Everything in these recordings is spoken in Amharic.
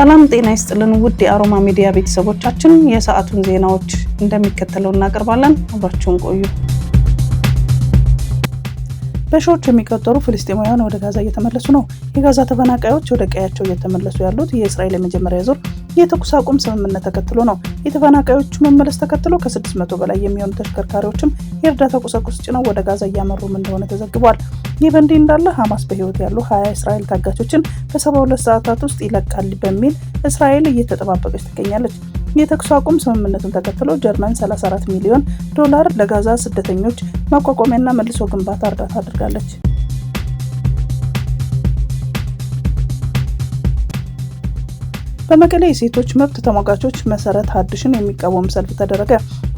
ሰላም ጤና ይስጥልን ውድ የአሮማ ሚዲያ ቤተሰቦቻችን፣ የሰዓቱን ዜናዎች እንደሚከተለው እናቀርባለን። አብራችሁን ቆዩ። በሺዎች የሚቆጠሩ ፍልስጤማውያን ወደ ጋዛ እየተመለሱ ነው። የጋዛ ተፈናቃዮች ወደ ቀያቸው እየተመለሱ ያሉት የእስራኤል የመጀመሪያ ዙር የተኩስ አቁም ስምምነት ተከትሎ ነው። የተፈናቃዮቹ መመለስ ተከትሎ ከስድስት መቶ በላይ የሚሆኑ ተሽከርካሪዎችም የእርዳታ ቁሳቁስ ጭነው ወደ ጋዛ እያመሩም እንደሆነ ተዘግቧል። ይህ በእንዲህ እንዳለ ሐማስ በህይወት ያሉ ሀያ እስራኤል ታጋቾችን በሰባ ሁለት ሰዓታት ውስጥ ይለቃል በሚል እስራኤል እየተጠባበቀች ትገኛለች። የተኩስ አቁም ስምምነቱን ተከትሎ ጀርመን 34 ሚሊዮን ዶላር ለጋዛ ስደተኞች ማቋቋሚያና መልሶ ግንባታ እርዳታ አድርጋለች። በመቀሌ የሴቶች መብት ተሟጋቾች መሰረት ሀድሽን የሚቃወም ሰልፍ ተደረገ።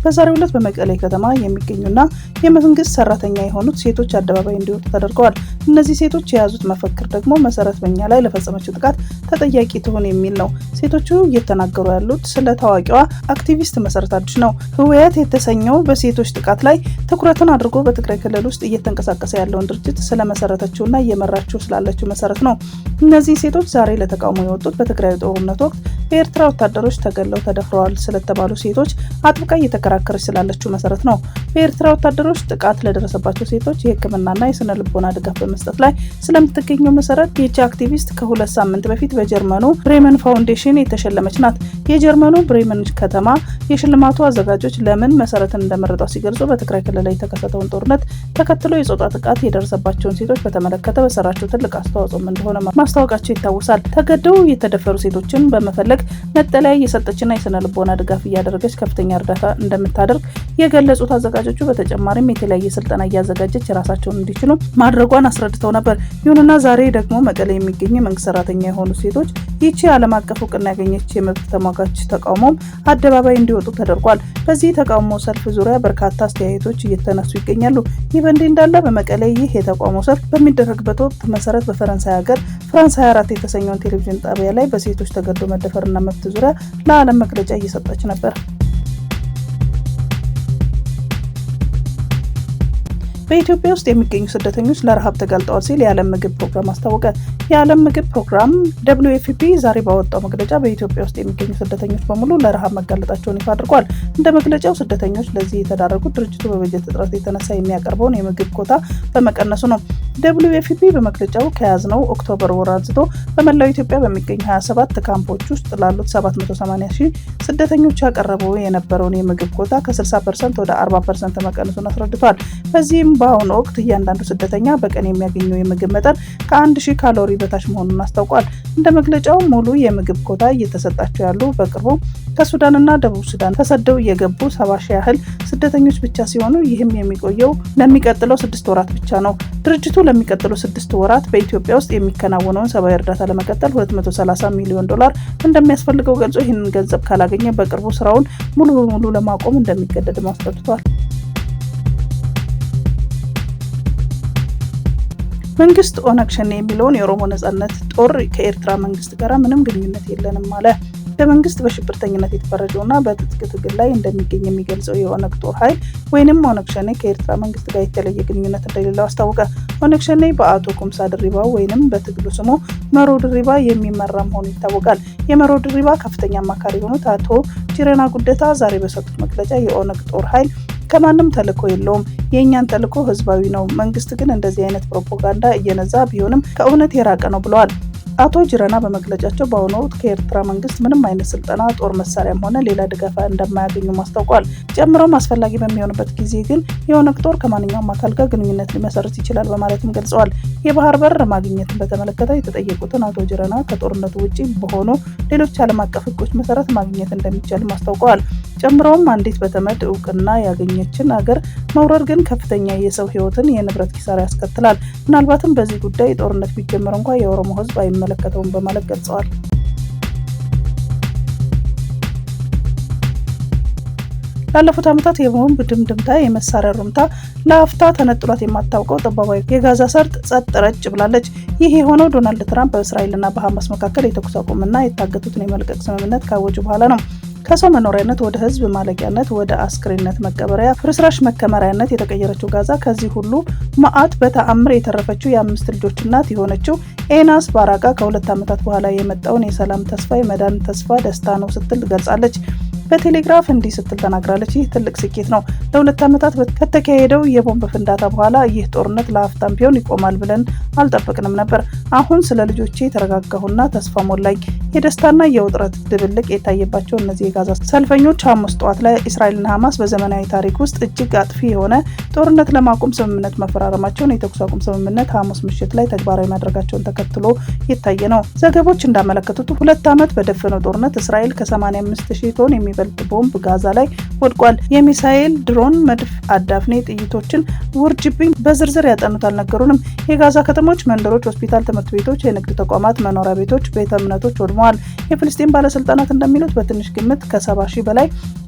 በዛሬው ዕለት በመቀሌ ከተማ የሚገኙና የመንግስት ሰራተኛ የሆኑት ሴቶች አደባባይ እንዲወጡ ተደርገዋል። እነዚህ ሴቶች የያዙት መፈክር ደግሞ መሰረት በኛ ላይ ለፈጸመችው ጥቃት ተጠያቂ ትሆን የሚል ነው። ሴቶቹ እየተናገሩ ያሉት ስለ ታዋቂዋ አክቲቪስት መሰረት አዱሽ ነው። ህወያት የተሰኘው በሴቶች ጥቃት ላይ ትኩረትን አድርጎ በትግራይ ክልል ውስጥ እየተንቀሳቀሰ ያለውን ድርጅት ስለመሰረተችውና እየመራችው ስላለችው መሰረት ነው። እነዚህ ሴቶች ዛሬ ለተቃውሞ የወጡት በትግራይ ጦርነት ወቅት በኤርትራ ወታደሮች ተገለው ተደፍረዋል ስለተባሉ ሴቶች አጥብቃ እየተከራ እየተከራከረች ስላለችው መሰረት ነው። በኤርትራ ወታደሮች ጥቃት ለደረሰባቸው ሴቶች የሕክምናና የስነ ልቦና ድጋፍ በመስጠት ላይ ስለምትገኘው መሰረት ይህቺ አክቲቪስት ከሁለት ሳምንት በፊት በጀርመኑ ብሬመን ፋውንዴሽን የተሸለመች ናት። የጀርመኑ ብሬመን ከተማ የሽልማቱ አዘጋጆች ለምን መሰረትን እንደመረጧ ሲገልጹ በትግራይ ክልል ላይ የተከሰተውን ጦርነት ተከትሎ የጾታ ጥቃት የደረሰባቸውን ሴቶች በተመለከተ በሰራቸው ትልቅ አስተዋጽኦም እንደሆነ ማስታወቃቸው ይታወሳል። ተገደው የተደፈሩ ሴቶችን በመፈለግ መጠለያ እየሰጠችና የስነ ልቦና ድጋፍ እያደረገች ከፍተኛ እርዳታ እንደምታደርግ የገለጹት አዘጋጆቹ በተጨማሪም የተለያየ ስልጠና እያዘጋጀች የራሳቸውን እንዲችሉ ማድረጓን አስረድተው ነበር። ይሁንና ዛሬ ደግሞ መቀሌ የሚገኙ መንግስት ሰራተኛ የሆኑ ሴቶች ይቺ ዓለም አቀፍ እውቅና ያገኘች የመብት ተሟጋች ተቃውሞም አደባባይ እንዲወ እንዲወጡ ተደርጓል። በዚህ ተቃውሞ ሰልፍ ዙሪያ በርካታ አስተያየቶች እየተነሱ ይገኛሉ። ይህ በእንዲህ እንዳለ በመቀሌ ይህ የተቃውሞ ሰልፍ በሚደረግበት ወቅት መሰረት በፈረንሳይ ሀገር ፍራንስ 24 የተሰኘውን ቴሌቪዥን ጣቢያ ላይ በሴቶች ተገዶ መደፈርና መብት ዙሪያ ለዓለም መግለጫ እየሰጠች ነበር። በኢትዮጵያ ውስጥ የሚገኙ ስደተኞች ለረሃብ ተጋልጠዋል ሲል የዓለም ምግብ ፕሮግራም አስታወቀ። የዓለም ምግብ ፕሮግራም ደብሊው ኤፍ ፒ ዛሬ ባወጣው መግለጫ በኢትዮጵያ ውስጥ የሚገኙ ስደተኞች በሙሉ ለረሃብ መጋለጣቸውን ይፋ አድርጓል። እንደ መግለጫው ስደተኞች ለዚህ የተዳረጉት ድርጅቱ በበጀት እጥረት የተነሳ የሚያቀርበውን የምግብ ኮታ በመቀነሱ ነው። ደብሊው ኤፍ ፒ በመግለጫው ከያዝነው ኦክቶበር ወር አንስቶ በመላው ኢትዮጵያ በሚገኙ 27 ካምፖች ውስጥ ላሉት 780 ሺህ ስደተኞች ያቀረበው የነበረውን የምግብ ኮታ ከ60 ፐርሰንት ወደ 40 ፐርሰንት መቀነሱን አስረድቷል። በዚህም በአሁኑ ወቅት እያንዳንዱ ስደተኛ በቀን የሚያገኘው የምግብ መጠን ከአንድ ሺህ ካሎሪ በታች መሆኑን አስታውቋል። እንደ መግለጫው ሙሉ የምግብ ኮታ እየተሰጣቸው ያሉ በቅርቡ ከሱዳንና ደቡብ ሱዳን ተሰደው እየገቡ ሰባ ሺህ ያህል ስደተኞች ብቻ ሲሆኑ ይህም የሚቆየው ለሚቀጥለው ስድስት ወራት ብቻ ነው። ድርጅቱ ለሚቀጥለው ስድስት ወራት በኢትዮጵያ ውስጥ የሚከናወነውን ሰብአዊ እርዳታ ለመቀጠል 230 ሚሊዮን ዶላር እንደሚያስፈልገው ገልጾ ይህንን ገንዘብ ካላገኘ በቅርቡ ስራውን ሙሉ በሙሉ ለማቆም እንደሚገደድ ማስጠንቅቋል። መንግስት ኦነግ ሸኔ የሚለውን የኦሮሞ ነጻነት ጦር ከኤርትራ መንግስት ጋር ምንም ግንኙነት የለንም አለ። በመንግስት በሽብርተኝነት የተፈረጀውና በትጥቅ ትግል ላይ እንደሚገኝ የሚገልጸው የኦነግ ጦር ኃይል ወይንም ኦነግ ሸኔ ከኤርትራ መንግስት ጋር የተለየ ግንኙነት እንደሌለው አስታወቀ። ኦነግ ሸኔ በአቶ ኩምሳ ድሪባ ወይንም በትግሉ ስሙ መሮ ድሪባ የሚመራ መሆኑ ይታወቃል። የመሮ ድሪባ ከፍተኛ አማካሪ የሆኑት አቶ ጅረና ጉደታ ዛሬ በሰጡት መግለጫ የኦነግ ጦር ኃይል ከማንም ተልኮ የለውም። የእኛን ተልኮ ህዝባዊ ነው። መንግስት ግን እንደዚህ አይነት ፕሮፓጋንዳ እየነዛ ቢሆንም ከእውነት የራቀ ነው ብለዋል። አቶ ጅረና በመግለጫቸው በአሁኑ ወቅት ከኤርትራ መንግስት ምንም አይነት ስልጠና፣ ጦር መሳሪያም ሆነ ሌላ ድጋፍ እንደማያገኙም አስታውቋል። ጨምሮም አስፈላጊ በሚሆንበት ጊዜ ግን የኦነግ ጦር ከማንኛውም አካል ጋር ግንኙነት ሊመሰርት ይችላል በማለትም ገልጸዋል። የባህር በር ማግኘትን በተመለከተ የተጠየቁትን አቶ ጅረና ከጦርነቱ ውጭ በሆኑ ሌሎች ዓለም አቀፍ ህጎች መሰረት ማግኘት እንደሚቻልም አስታውቀዋል። ጨምሮም አንዲት በተመድ እውቅና ያገኘችን ሀገር መውረር ግን ከፍተኛ የሰው ህይወትን፣ የንብረት ኪሳራ ያስከትላል። ምናልባትም በዚህ ጉዳይ ጦርነት ቢጀምር እንኳ የኦሮሞ ህዝብ አይመ አይመለከተውም በማለት ገልጸዋል። ላለፉት ዓመታት የቦምብ ድምድምታ፣ የመሳሪያ ሩምታ ለአፍታ ተነጥሏት የማታውቀው ጠባባዊ የጋዛ ሰርጥ ጸጥ ረጭ ብላለች። ይህ የሆነው ዶናልድ ትራምፕ በእስራኤልና በሐማስ መካከል የተኩስ አቁምና የታገቱትን የመልቀቅ ስምምነት ካወጁ በኋላ ነው። ከሰው መኖሪያነት ወደ ህዝብ ማለቂያነት፣ ወደ አስክሪነት መቀበሪያ፣ ፍርስራሽ መከመሪያነት የተቀየረችው ጋዛ ከዚህ ሁሉ መዓት በተአምር የተረፈችው የአምስት ልጆች እናት የሆነችው ኤናስ ባራቃ ከሁለት ዓመታት በኋላ የመጣውን የሰላም ተስፋ የመዳን ተስፋ ደስታ ነው ስትል ገልጻለች። በቴሌግራፍ እንዲህ ስትል ተናግራለች። ይህ ትልቅ ስኬት ነው። ለሁለት ዓመታት ከተካሄደው የቦምብ ፍንዳታ በኋላ ይህ ጦርነት ለአፍታም ቢሆን ይቆማል ብለን አልጠበቅንም ነበር። አሁን ስለ ልጆቼ የተረጋጋሁና ተስፋ ሞላኝ። የደስታና የውጥረት ድብልቅ የታየባቸው እነዚህ የጋዛ ሰልፈኞች ሐሙስ ጠዋት ላይ እስራኤልና ሐማስ በዘመናዊ ታሪክ ውስጥ እጅግ አጥፊ የሆነ ጦርነት ለማቆም ስምምነት መፈራረማቸውን የተኩስ አቁም ስምምነት ሐሙስ ምሽት ላይ ተግባራዊ ማድረጋቸውን ተከትሎ የታየ ነው። ዘገቦች እንዳመለከቱት ሁለት ዓመት በደፈነው ጦርነት እስራኤል ከ85 ሺህ ቶን የሚበ የስልት ቦምብ ጋዛ ላይ ወድቋል። የሚሳኤል ድሮን፣ መድፍ፣ አዳፍኔ ጥይቶችን ውርጅብኝ በዝርዝር ያጠኑት አልነገሩንም። የጋዛ ከተሞች፣ መንደሮች፣ ሆስፒታል፣ ትምህርት ቤቶች፣ የንግድ ተቋማት፣ መኖሪያ ቤቶች፣ ቤተ እምነቶች ወድመዋል። የፍልስጤም ባለስልጣናት እንደሚሉት በትንሽ ግምት ከሰባ ሺህ በላይ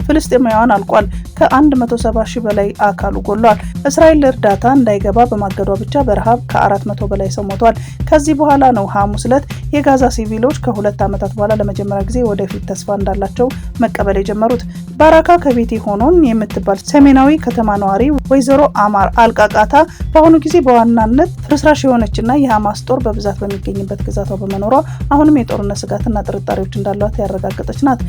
ፍልስጤማውያን አልቋል። ከ170 ሺህ በላይ አካሉ ጎሏል። እስራኤል እርዳታ እንዳይገባ በማገዷ ብቻ በረሃብ ከ400 በላይ ሰው ሞቷል። ከዚህ በኋላ ነው ሐሙስ ዕለት የጋዛ ሲቪሎች ከሁለት ዓመታት በኋላ ለመጀመሪያ ጊዜ ወደፊት ተስፋ እንዳላቸው መቀበል የጀመሩት። ባራካ ከቤቴ ሆኖን የምትባል ሰሜናዊ ከተማ ነዋሪ ወይዘሮ አማር አልቃቃታ በአሁኑ ጊዜ በዋናነት ፍርስራሽ የሆነችና የሀማስ ጦር በብዛት በሚገኝበት ግዛቷ በመኖሯ አሁንም የጦርነት ስጋትና ጥርጣሬዎች እንዳሏት ያረጋገጠች ናት።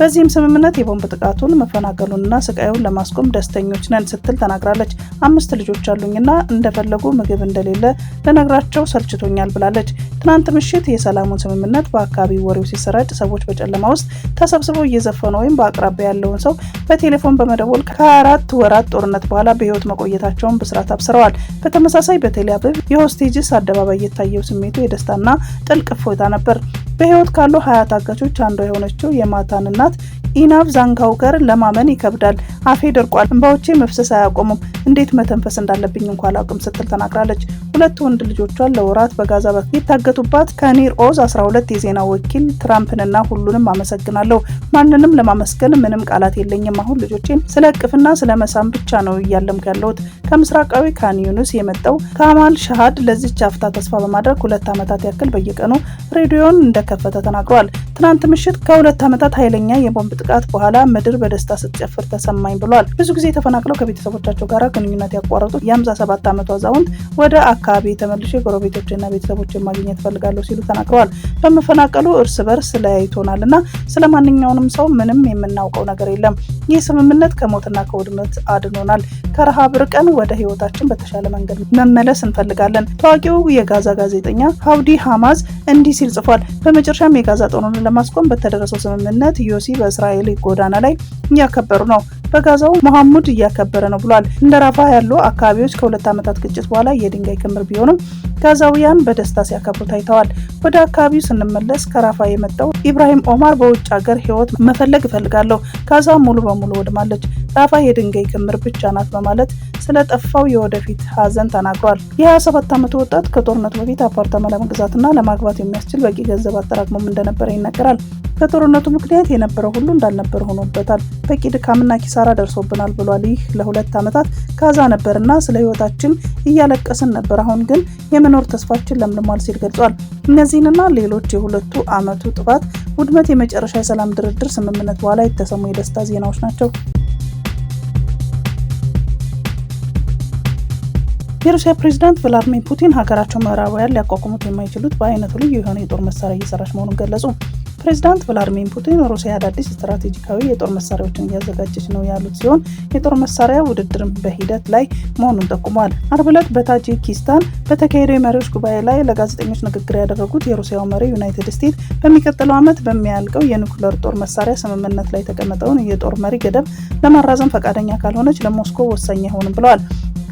በዚህም ስምምነት የቦምብ ጥቃቱን መፈናቀሉንና ስቃዩን ለማስቆም ደስተኞች ነን ስትል ተናግራለች። አምስት ልጆች አሉኝና እንደፈለጉ ምግብ እንደሌለ ልነግራቸው ሰልችቶኛል ብላለች። ትናንት ምሽት የሰላሙን ስምምነት በአካባቢው ወሬው ሲሰራጭ ሰዎች በጨለማ ውስጥ ተሰብስበው እየዘፈኑ ወይም በአቅራቢያ ያለውን ሰው በቴሌፎን በመደወል ከአራት ወራት ጦርነት በኋላ በህይወት መቆየታቸውን በስርዓት አብስረዋል። በተመሳሳይ በቴል አቪቭ የሆስቴጅስ አደባባይ የታየው ስሜቱ የደስታና ጥልቅ እፎይታ ነበር። በህይወት ካሉ ሀያ ታጋቾች አንዷ የሆነችው የማታን እናት ኢናብ ዛንጋውከር ለማመን ይከብዳል። አፌ ደርቋል፣ እንባዎቼ መፍሰስ አያቆሙም፣ እንዴት መተንፈስ እንዳለብኝ እንኳ አላውቅም ስትል ተናግራለች። ሁለት ወንድ ልጆቿን ለወራት በጋዛ በኩል የታገቱባት ከኒር ኦዝ 12 የዜና ወኪል ትራምፕንና ሁሉንም አመሰግናለሁ፣ ማንንም ለማመስገን ምንም ቃላት የለኝም። አሁን ልጆቼን ስለ እቅፍና ስለ መሳም ብቻ ነው እያለምኩ ያለሁት። ከምስራቃዊ ካን ዩኒስ የመጣው ከአማል ሻሃድ ለዚች አፍታ ተስፋ በማድረግ ሁለት ዓመታት ያክል በየቀኑ ሬዲዮን እንደከፈተ ተናግሯል። ትናንት ምሽት ከሁለት ዓመታት ኃይለኛ የቦምብ ጥቃት በኋላ ምድር በደስታ ስትጨፍር ተሰማኝ ብሏል። ብዙ ጊዜ ተፈናቅለው ከቤተሰቦቻቸው ጋር ግንኙነት ያቋረጡት የ57 ዓመቱ አዛውንት ወደ አካባቢ የተመልሼ ጎረቤቶችና ቤተሰቦችን ማግኘት ፈልጋለሁ ሲሉ ተናግረዋል። በመፈናቀሉ እርስ በርስ ለያይቶናል እና ስለ ማንኛውንም ሰው ምንም የምናውቀው ነገር የለም። ይህ ስምምነት ከሞትና ከውድመት አድኖናል። ከረሃብ ርቀን ወደ ህይወታችን በተሻለ መንገድ መመለስ እንፈልጋለን። ታዋቂው የጋዛ ጋዜጠኛ ሀውዲ ሀማዝ እንዲህ ሲል ጽፏል። በመጨረሻም የጋዛ ጦርነት ለማስቆም በተደረሰው ስምምነት ዮሲ በእስራኤል በእስራኤል ጎዳና ላይ እያከበሩ ነው። በጋዛው መሐሙድ እያከበረ ነው ብሏል። እንደ ራፋ ያሉ አካባቢዎች ከሁለት ዓመታት ግጭት በኋላ የድንጋይ ክምር ቢሆንም ጋዛውያን በደስታ ሲያከብሩ ታይተዋል። ወደ አካባቢው ስንመለስ ከራፋ የመጣው ኢብራሂም ኦማር በውጭ ሀገር ህይወት መፈለግ እፈልጋለሁ፣ ጋዛ ሙሉ በሙሉ ወድማለች፣ ራፋ የድንጋይ ክምር ብቻ ናት በማለት ስለጠፋው የወደፊት ሀዘን ተናግሯል። የ27 ዓመቱ ወጣት ከጦርነቱ በፊት አፓርታማ ለመግዛትና ለማግባት የሚያስችል በቂ ገንዘብ አጠራቅሞም እንደነበረ ይነገራል። ከጦርነቱ ምክንያት የነበረው ሁሉ እንዳልነበር ሆኖበታል፣ በቂ ድካምና ኪሳራ ደርሶብናል ብሏል። ይህ ለሁለት ዓመታት ካዛ ነበርና ስለ ህይወታችን እያለቀስን ነበር፣ አሁን ግን የመኖር ተስፋችን ለምልሟል ሲል ገልጿል። እነዚህንና ሌሎች የሁለቱ ዓመቱ ጥፋት ውድመት የመጨረሻ የሰላም ድርድር ስምምነት በኋላ የተሰሙ የደስታ ዜናዎች ናቸው። የሩሲያ ፕሬዚዳንት ቭላድሚር ፑቲን ሀገራቸው ምዕራባውያን ሊያቋቁሙት የማይችሉት በአይነቱ ልዩ የሆነ የጦር መሳሪያ እየሰራች መሆኑን ገለጹ። ፕሬዚዳንት ቭላድሚር ፑቲን ሩሲያ አዳዲስ ስትራቴጂካዊ የጦር መሳሪያዎችን እያዘጋጀች ነው ያሉት ሲሆን የጦር መሳሪያ ውድድርም በሂደት ላይ መሆኑን ጠቁሟል። አርብ ዕለት በታጂኪስታን በተካሄደው የመሪዎች ጉባኤ ላይ ለጋዜጠኞች ንግግር ያደረጉት የሩሲያው መሪ ዩናይትድ ስቴትስ በሚቀጥለው ዓመት በሚያልቀው የኒኩለር ጦር መሳሪያ ስምምነት ላይ የተቀመጠውን የጦር መሪ ገደብ ለማራዘም ፈቃደኛ ካልሆነች ለሞስኮ ወሳኝ አይሆንም ብለዋል።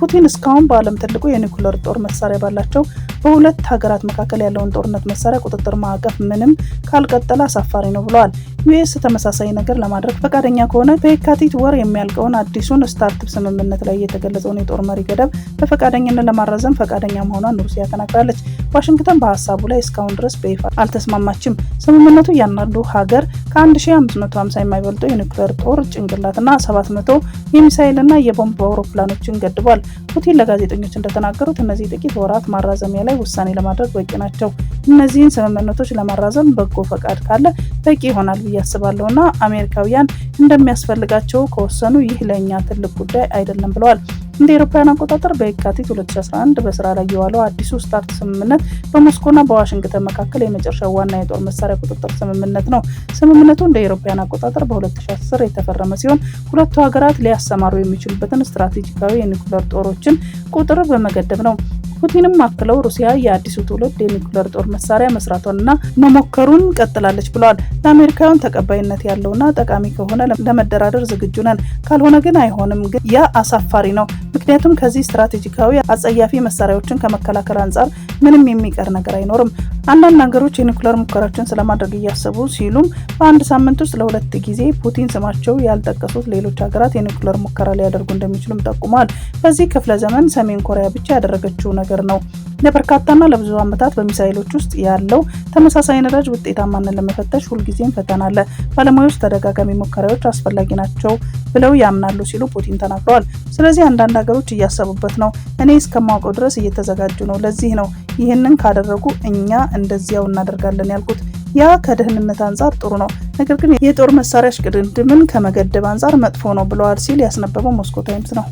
ፑቲን እስካሁን በዓለም ትልቁ የኒኩለር ጦር መሳሪያ ባላቸው በሁለት ሀገራት መካከል ያለውን ጦርነት መሳሪያ ቁጥጥር ማዕቀፍ ምንም ካልቀጠለ አሳፋሪ ነው ብለዋል። ዩኤስ ተመሳሳይ ነገር ለማድረግ ፈቃደኛ ከሆነ በየካቲት ወር የሚያልቀውን አዲሱን ስታርትፕ ስምምነት ላይ የተገለጸውን የጦር መሪ ገደብ በፈቃደኝነት ለማራዘም ፈቃደኛ መሆኗን ሩሲያ ተናግራለች። ዋሽንግተን በሀሳቡ ላይ እስካሁን ድረስ በይፋ አልተስማማችም። ስምምነቱ እያንዳንዱ ሀገር ከ1550 የማይበልጡ የኒውክሌር ጦር ጭንቅላትና 700 የሚሳይልና የቦምብ አውሮፕላኖችን ገድቧል። ፑቲን ለጋዜጠኞች እንደተናገሩት እነዚህ ጥቂት ወራት ማራዘሚያ ላይ ውሳኔ ለማድረግ በቂ ናቸው። እነዚህን ስምምነቶች ለማራዘም በጎ ፈቃድ ካለ በቂ ይሆናል ብዬ አስባለሁ እና አሜሪካውያን እንደሚያስፈልጋቸው ከወሰኑ ይህ ለእኛ ትልቅ ጉዳይ አይደለም ብለዋል። እንደ ኤሮፓውያን አቆጣጠር በየካቲት 2011 በስራ ላይ የዋለው አዲሱ ስታርት ስምምነት በሞስኮና በዋሽንግተን መካከል የመጨረሻ ዋና የጦር መሳሪያ ቁጥጥር ስምምነት ነው። ስምምነቱ እንደ ኤሮፓውያን አቆጣጠር በ2010 የተፈረመ ሲሆን ሁለቱ ሀገራት ሊያሰማሩ የሚችሉበትን ስትራቴጂካዊ የኒኩለር ጦሮችን ቁጥር በመገደብ ነው። ፑቲንም አክለው ሩሲያ የአዲሱ ትውልድ የኒውክሌር ጦር መሳሪያ መስራቷንና መሞከሩን ቀጥላለች ብለዋል። ለአሜሪካውያን ተቀባይነት ያለውና ጠቃሚ ከሆነ ለመደራደር ዝግጁ ነን፣ ካልሆነ ግን አይሆንም፣ ግን ያ አሳፋሪ ነው። ምክንያቱም ከዚህ ስትራቴጂካዊ አጸያፊ መሳሪያዎችን ከመከላከል አንጻር ምንም የሚቀር ነገር አይኖርም። አንዳንድ ሀገሮች የኒኩለር ሙከራችን ስለማድረግ እያሰቡ ሲሉም በአንድ ሳምንት ውስጥ ለሁለት ጊዜ ፑቲን ስማቸው ያልጠቀሱት ሌሎች ሀገራት የኒኩለር ሙከራ ሊያደርጉ እንደሚችሉም ጠቁመዋል። በዚህ ክፍለ ዘመን ሰሜን ኮሪያ ብቻ ያደረገችው ነገር ነው። ለበርካታና ለብዙ ዓመታት በሚሳይሎች ውስጥ ያለው ተመሳሳይ ነዳጅ ውጤታማንን ለመፈተሽ ሁልጊዜም ፈተና አለ። ባለሙያዎች ተደጋጋሚ ሙከራዎች አስፈላጊ ናቸው ብለው ያምናሉ ሲሉ ፑቲን ተናግረዋል። ስለዚህ አንዳንድ ነገሮች እያሰቡበት ነው። እኔ እስከማውቀው ድረስ እየተዘጋጁ ነው። ለዚህ ነው ይህንን ካደረጉ እኛ እንደዚያው እናደርጋለን ያልኩት። ያ ከደህንነት አንጻር ጥሩ ነው፣ ነገር ግን የጦር መሳሪያ ሽቅድድምን ከመገደብ አንጻር መጥፎ ነው ብለዋል ሲል ያስነበበው ሞስኮ ታይምስ ነው።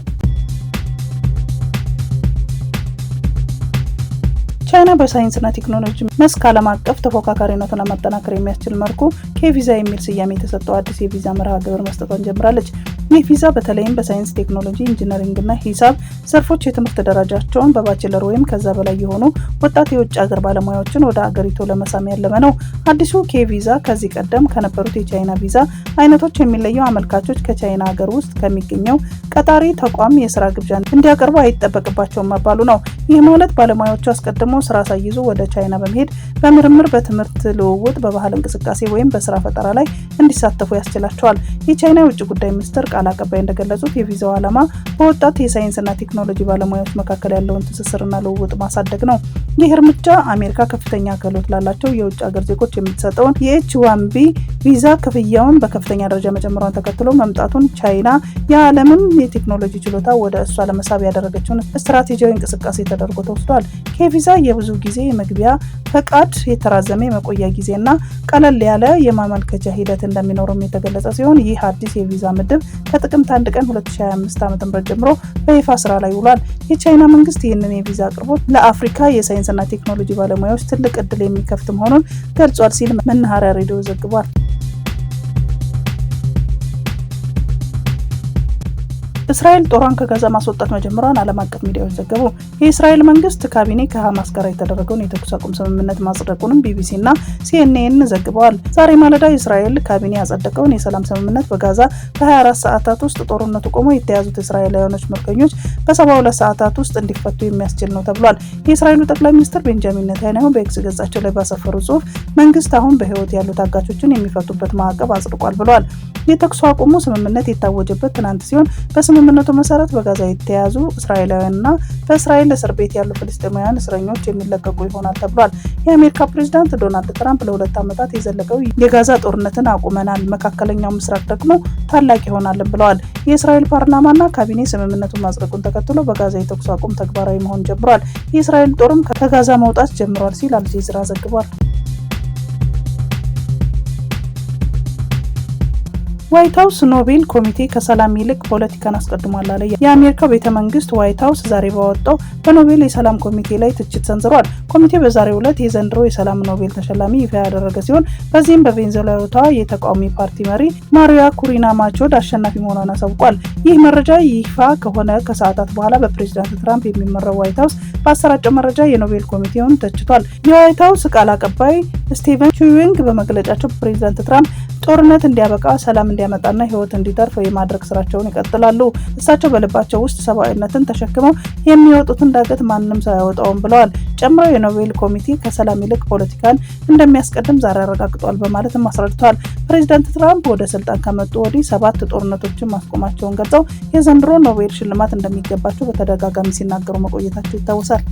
ቻይና በሳይንስና ቴክኖሎጂ መስክ ዓለም አቀፍ ተፎካካሪነቱን ለማጠናከር የሚያስችል መልኩ ቪዛ የሚል ስያሜ የተሰጠው አዲስ የቪዛ መርሃ ግብር መስጠቷን ጀምራለች። ይህ ቪዛ በተለይም በሳይንስ ቴክኖሎጂ፣ ኢንጂነሪንግና ሂሳብ ዘርፎች የትምህርት ደረጃቸውን በባችለር ወይም ከዛ በላይ የሆኑ ወጣት የውጭ ሀገር ባለሙያዎችን ወደ አገሪቱ ለመሳም ያለመ ነው። አዲሱ ኬ ቪዛ ከዚህ ቀደም ከነበሩት የቻይና ቪዛ አይነቶች የሚለየው አመልካቾች ከቻይና ሀገር ውስጥ ከሚገኘው ቀጣሪ ተቋም የስራ ግብዣ እንዲያቀርቡ አይጠበቅባቸውም መባሉ ነው። ይህ ማለት ባለሙያዎቹ አስቀድሞ ስራ ሳይይዙ ወደ ቻይና በመሄድ በምርምር፣ በትምህርት ልውውጥ፣ በባህል እንቅስቃሴ ወይም በስራ ፈጠራ ላይ እንዲሳተፉ ያስችላቸዋል። የቻይና የውጭ ጉዳይ ሚኒስቴር ቃል አቀባይ እንደገለጹት የቪዛው ዓላማ በወጣት የሳይንስና ቴክኖሎጂ ባለሙያዎች መካከል ያለውን ትስስርና ልውውጥ ማሳደግ ነው። ይህ እርምጃ አሜሪካ ከፍተኛ ክህሎት ላላቸው የውጭ ሀገር ዜጎች የምትሰጠውን የኤች ዋን ቢ ቪዛ ክፍያውን በከፍተኛ ደረጃ መጨመሯን ተከትሎ መምጣቱን ቻይና የዓለምን የቴክኖሎጂ ችሎታ ወደ እሷ ለመሳብ ያደረገችውን ስትራቴጂያዊ እንቅስቃሴ ተደርጎ ተወስዷል። ከቪዛ የብዙ ጊዜ የመግቢያ ፈቃድ፣ የተራዘመ የመቆያ ጊዜና ቀለል ያለ የማመልከቻ ሂደት እንደሚኖርም የተገለጸ ሲሆን ይህ አዲስ የቪዛ ምድብ ከጥቅምት አንድ ቀን 2025 ዓ.ም ጀምሮ በይፋ ስራ ላይ ውሏል። የቻይና መንግስት ይህንን የቪዛ አቅርቦት ለአፍሪካ የሳይንስና ቴክኖሎጂ ባለሙያዎች ትልቅ እድል የሚከፍት መሆኑን ገልጿል ሲል መናኸሪያ ሬዲዮ ዘግቧል። እስራኤል ጦሯን ከጋዛ ማስወጣት መጀመሯን ዓለም አቀፍ ሚዲያዎች ዘገቡ። የእስራኤል መንግስት ካቢኔ ከሐማስ ጋር የተደረገውን የተኩስ አቁም ስምምነት ማጽደቁንም ቢቢሲና ሲኤንኤን ዘግበዋል። ዛሬ ማለዳ የእስራኤል ካቢኔ ያጸደቀውን የሰላም ስምምነት በጋዛ በ24 ሰዓታት ውስጥ ጦርነቱ ቆሞ የተያዙት እስራኤላውያኖች ምርኮኞች በ72 ሰዓታት ውስጥ እንዲፈቱ የሚያስችል ነው ተብሏል። የእስራኤሉ ጠቅላይ ሚኒስትር ቤንጃሚን ኔታንያሁ በኤክስ ገጻቸው ላይ ባሰፈሩ ጽሁፍ መንግስት አሁን በህይወት ያሉ አጋቾችን የሚፈቱበት ማዕቀብ አጽድቋል ብሏል። የተኩስ አቁሙ ስምምነት የታወጀበት ትናንት ሲሆን በስምምነቱ መሰረት በጋዛ የተያዙ እስራኤላውያንና በእስራኤል እስር ቤት ያሉ ፍልስጤማውያን እስረኞች የሚለቀቁ ይሆናል ተብሏል። የአሜሪካ ፕሬዚዳንት ዶናልድ ትራምፕ ለሁለት ዓመታት የዘለቀው የጋዛ ጦርነትን አቁመናል፣ መካከለኛው ምስራቅ ደግሞ ታላቅ ይሆናልን ብለዋል። የእስራኤል ፓርላማና ካቢኔ ስምምነቱን ማጽደቁን ተከትሎ በጋዛ የተኩስ አቁም ተግባራዊ መሆን ጀምሯል። የእስራኤል ጦርም ከጋዛ መውጣት ጀምሯል ሲል አልጀዚራ ዘግቧል። ዋይት ሀውስ ኖቤል ኮሚቴ ከሰላም ይልቅ ፖለቲካን አስቀድሟል አለ። የአሜሪካው ቤተ መንግስት ዋይት ሀውስ ዛሬ ባወጣው በኖቤል የሰላም ኮሚቴ ላይ ትችት ሰንዝሯል። ኮሚቴ በዛሬው ዕለት የዘንድሮ የሰላም ኖቤል ተሸላሚ ይፋ ያደረገ ሲሆን በዚህም በቬንዙዌላዊቷ የተቃዋሚ ፓርቲ መሪ ማሪያ ኩሪና ማቾድ አሸናፊ መሆኗን አሳውቋል። ይህ መረጃ ይፋ ከሆነ ከሰዓታት በኋላ በፕሬዚዳንት ትራምፕ የሚመራው ዋይት ሀውስ በአሰራጨው መረጃ የኖቤል ኮሚቴውን ተችቷል። የዋይት ሀውስ ቃል አቀባይ ስቲቨን ቹዊንግ በመግለጫቸው ፕሬዚዳንት ትራምፕ ጦርነት እንዲያበቃ ሰላም እንዲያመጣና ህይወት እንዲተርፍ የማድረግ ስራቸውን ይቀጥላሉ። እሳቸው በልባቸው ውስጥ ሰብአዊነትን ተሸክመው የሚወጡትን ዳገት ማንም ሰው አያወጣውም ብለዋል። ጨምረው የኖቤል ኮሚቴ ከሰላም ይልቅ ፖለቲካን እንደሚያስቀድም ዛሬ አረጋግጧል በማለትም አስረድተዋል። ፕሬዚዳንት ትራምፕ ወደ ስልጣን ከመጡ ወዲህ ሰባት ጦርነቶችን ማስቆማቸውን ገልጸው የዘንድሮ ኖቤል ሽልማት እንደሚገባቸው በተደጋጋሚ ሲናገሩ መቆየታቸው ይታወሳል።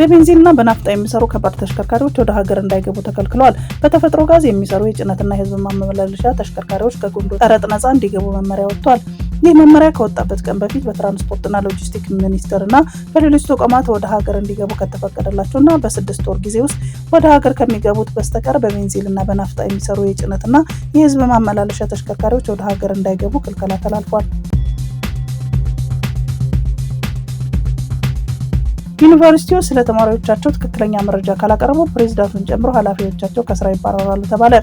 በቤንዚንና በናፍጣ የሚሰሩ ከባድ ተሽከርካሪዎች ወደ ሀገር እንዳይገቡ ተከልክለዋል። በተፈጥሮ ጋዝ የሚሰሩ የጭነትና የህዝብ ማመላለሻ ተሽከርካሪዎች ከጉምሩክ ቀረጥ ነፃ እንዲገቡ መመሪያ ወጥቷል። ይህ መመሪያ ከወጣበት ቀን በፊት በትራንስፖርትና ሎጂስቲክ ሚኒስቴርና በሌሎች ተቋማት ወደ ሀገር እንዲገቡ ከተፈቀደላቸውና በስድስት ወር ጊዜ ውስጥ ወደ ሀገር ከሚገቡት በስተቀር በቤንዚንና በናፍጣ የሚሰሩ የጭነትና የህዝብ ማመላለሻ ተሽከርካሪዎች ወደ ሀገር እንዳይገቡ ክልከላ ተላልፏል። ዩኒቨርሲቲዎች ስለ ተማሪዎቻቸው ትክክለኛ መረጃ ካላቀረቡ ፕሬዚዳንቱን ጨምሮ ኃላፊዎቻቸው ከስራ ይባረራሉ ተባለ።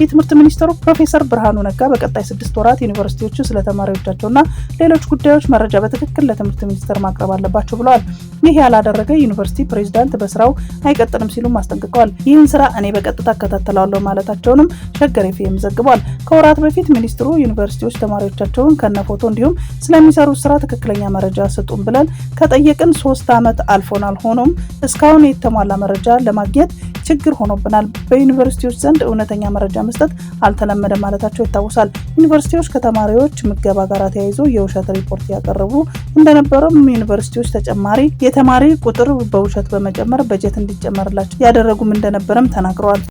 የትምህርት ሚኒስትሩ ፕሮፌሰር ብርሃኑ ነጋ በቀጣይ ስድስት ወራት ዩኒቨርሲቲዎቹ ስለ ተማሪዎቻቸውና ሌሎች ጉዳዮች መረጃ በትክክል ለትምህርት ሚኒስቴር ማቅረብ አለባቸው ብለዋል። ይህ ያላደረገ ዩኒቨርሲቲ ፕሬዚዳንት በስራው አይቀጥልም ሲሉም አስጠንቅቀዋል። ይህን ስራ እኔ በቀጥታ እከታተላለሁ ማለታቸውንም ሸገር ኤፍኤም ዘግቧል። ከወራት በፊት ሚኒስትሩ ዩኒቨርሲቲዎች ተማሪዎቻቸውን ከነፎቶ እንዲሁም ስለሚሰሩት ስራ ትክክለኛ መረጃ ስጡን ብለን ከጠየቅን ሶስት ዓመት አልፎናል። ሆኖም እስካሁን የተሟላ መረጃ ለማግኘት ችግር ሆኖብናል። በዩኒቨርሲቲዎች ዘንድ እውነተኛ መረጃ መስጠት አልተለመደ ማለታቸው ይታወሳል። ዩኒቨርሲቲዎች ከተማሪዎች ምገባ ጋር ተያይዞ የውሸት ሪፖርት ያቀረቡ እንደነበረም ዩኒቨርሲቲዎች ተጨማሪ የተማሪ ቁጥር በውሸት በመጨመር በጀት እንዲጨመርላቸው ያደረጉም እንደነበረም ተናግረዋል።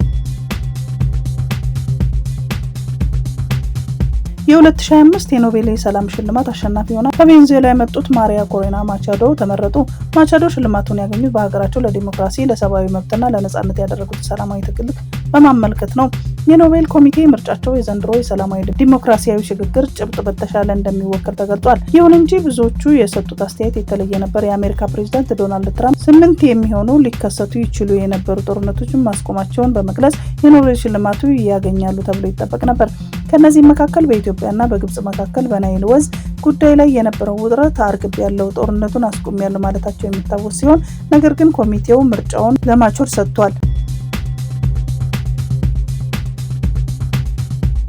የ2025 የኖቤል የሰላም ሽልማት አሸናፊ ሆና ከቬንዙዌላ የመጡት ማሪያ ኮሬና ማቻዶ ተመረጡ። ማቻዶ ሽልማቱን ያገኙት በሀገራቸው ለዲሞክራሲ ለሰብአዊ መብትና ለነጻነት ያደረጉት ሰላማዊ ትግል በማመልከት ነው። የኖቤል ኮሚቴ ምርጫቸው የዘንድሮ የሰላማዊ ዲሞክራሲያዊ ሽግግር ጭብጥ በተሻለ እንደሚወክል ተገልጿል። ይሁን እንጂ ብዙዎቹ የሰጡት አስተያየት የተለየ ነበር። የአሜሪካ ፕሬዚዳንት ዶናልድ ትራምፕ ስምንት የሚሆኑ ሊከሰቱ ይችሉ የነበሩ ጦርነቶችን ማስቆማቸውን በመግለጽ የኖቤል ሽልማቱ ያገኛሉ ተብሎ ይጠበቅ ነበር። ከእነዚህም መካከል በኢትዮጵያና በግብጽ መካከል በናይል ወዝ ጉዳይ ላይ የነበረው ውጥረት አርግብ ያለው ጦርነቱን አስቆሚያለሁ ማለታቸው የሚታወስ ሲሆን ነገር ግን ኮሚቴው ምርጫውን ለማቾር ሰጥቷል።